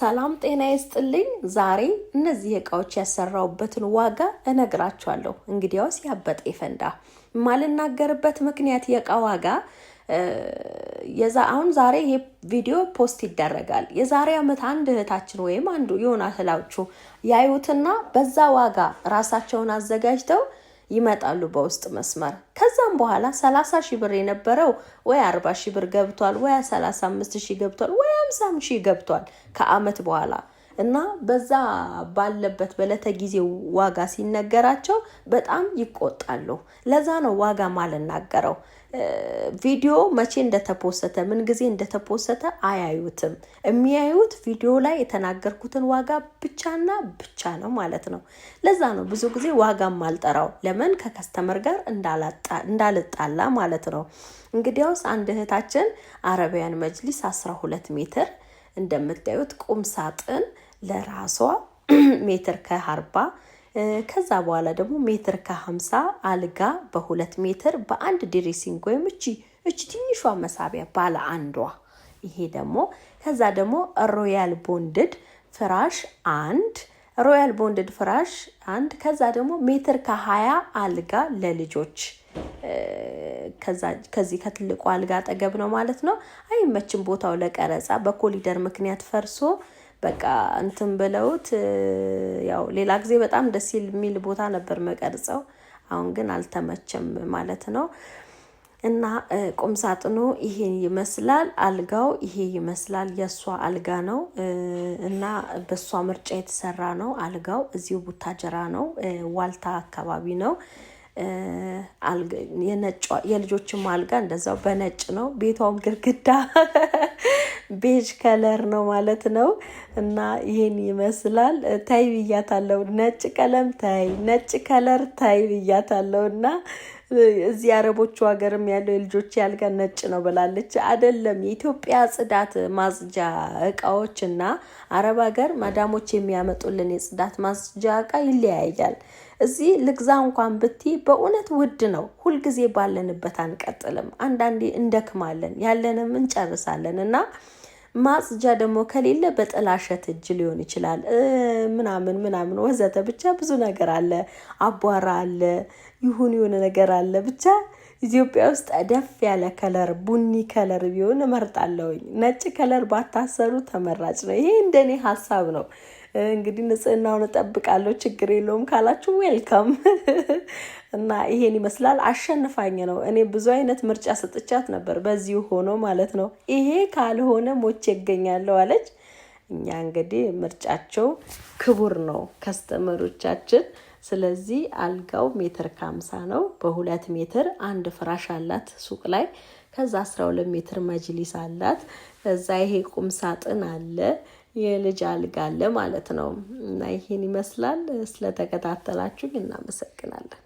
ሰላም ጤና ይስጥልኝ። ዛሬ እነዚህ እቃዎች ያሰራውበትን ዋጋ እነግራችኋለሁ። እንግዲያውስ ያበጠ ፈንዳ የማልናገርበት ምክንያት የእቃ ዋጋ የዛ አሁን ዛሬ ይሄ ቪዲዮ ፖስት ይደረጋል። የዛሬ ዓመት አንድ እህታችን ወይም አንዱ የሆነ ያዩትና በዛ ዋጋ ራሳቸውን አዘጋጅተው ይመጣሉ በውስጥ መስመር። ከዛም በኋላ 30 ሺህ ብር የነበረው ወይ 40 ሺህ ብር ገብቷል፣ ወይ 35 ሺህ ገብቷል፣ ወይ 50 ሺህ ገብቷል ከአመት በኋላ እና በዛ ባለበት በለተ ጊዜ ዋጋ ሲነገራቸው በጣም ይቆጣሉ። ለዛ ነው ዋጋ ማልናገረው። ቪዲዮ መቼ እንደተፖሰተ ምን ጊዜ እንደተፖሰተ አያዩትም። የሚያዩት ቪዲዮ ላይ የተናገርኩትን ዋጋ ብቻና ብቻ ነው ማለት ነው። ለዛ ነው ብዙ ጊዜ ዋጋ ማልጠራው። ለምን ከከስተመር ጋር እንዳልጣላ ማለት ነው። እንግዲያውስ አንድ እህታችን አረቢያን መጅሊስ 12 ሜትር እንደምታዩት ቁም ሳጥን ለራሷ ሜትር ከአርባ ከዛ በኋላ ደግሞ ሜትር ከሀምሳ አልጋ በሁለት ሜትር በአንድ ድሬሲንግ ወይም እቺ እቺ ትንሿ መሳቢያ ባለ አንዷ ይሄ ደግሞ ከዛ ደግሞ ሮያል ቦንድድ ፍራሽ አንድ ሮያል ቦንድድ ፍራሽ አንድ ከዛ ደግሞ ሜትር ከሀያ አልጋ ለልጆች ከዚህ ከትልቁ አልጋ አጠገብ ነው ማለት ነው። አይመችም ቦታው ለቀረጻ በኮሊደር ምክንያት ፈርሶ በቃ እንትን ብለውት ያው ሌላ ጊዜ በጣም ደስ የሚል ቦታ ነበር መቀርጸው። አሁን ግን አልተመቸም ማለት ነው። እና ቁም ሳጥኑ ይሄ ይመስላል። አልጋው ይሄ ይመስላል። የእሷ አልጋ ነው እና በእሷ ምርጫ የተሰራ ነው። አልጋው እዚሁ ቡታጀራ ነው፣ ዋልታ አካባቢ ነው። የልጆችም አልጋ እንደዛው በነጭ ነው። ቤቷም ግድግዳ ቤጅ ከለር ነው ማለት ነው። እና ይህን ይመስላል። ታይ ብያታለው፣ ነጭ ቀለም ታይ፣ ነጭ ከለር ታይ ብያታለው እና እዚህ አረቦቹ ሀገርም ያለው የልጆች ያልጋ ነጭ ነው ብላለች። አይደለም የኢትዮጵያ ጽዳት ማጽጃ እቃዎች እና አረብ ሀገር ማዳሞች የሚያመጡልን የጽዳት ማጽጃ እቃ ይለያያል። እዚህ ልግዛ እንኳን ብቲ በእውነት ውድ ነው። ሁልጊዜ ባለንበት አንቀጥልም። አንዳንዴ እንደክማለን፣ ያለንም እንጨርሳለን እና ማጽጃ ደግሞ ከሌለ በጥላሸት እጅ ሊሆን ይችላል ምናምን ምናምን ወዘተ ብቻ ብዙ ነገር አለ፣ አቧራ አለ፣ ይሁን የሆነ ነገር አለ ብቻ ኢትዮጵያ ውስጥ አደፍ ያለ ከለር ቡኒ ከለር ቢሆን እመርጣለሁኝ። ነጭ ከለር ባታሰሩ ተመራጭ ነው። ይሄ እንደኔ ሀሳብ ነው። እንግዲህ ንጽህናውን እጠብቃለሁ ችግር የለውም ካላችሁ ዌልካም። እና ይሄን ይመስላል። አሸንፋኝ ነው። እኔ ብዙ አይነት ምርጫ ሰጥቻት ነበር፣ በዚሁ ሆኖ ማለት ነው። ይሄ ካልሆነ ሞቼ እገኛለሁ አለች። እኛ እንግዲህ ምርጫቸው ክቡር ነው ከስተመሮቻችን ስለዚህ አልጋው ሜትር ከአምሳ ነው። በሁለት ሜትር አንድ ፍራሽ አላት ሱቅ ላይ። ከዛ አስራ ሁለት ሜትር መጅሊስ አላት። ከዛ ይሄ ቁም ሳጥን አለ የልጅ አልጋ አለ ማለት ነው። እና ይህን ይመስላል። ስለተከታተላችሁ እናመሰግናለን።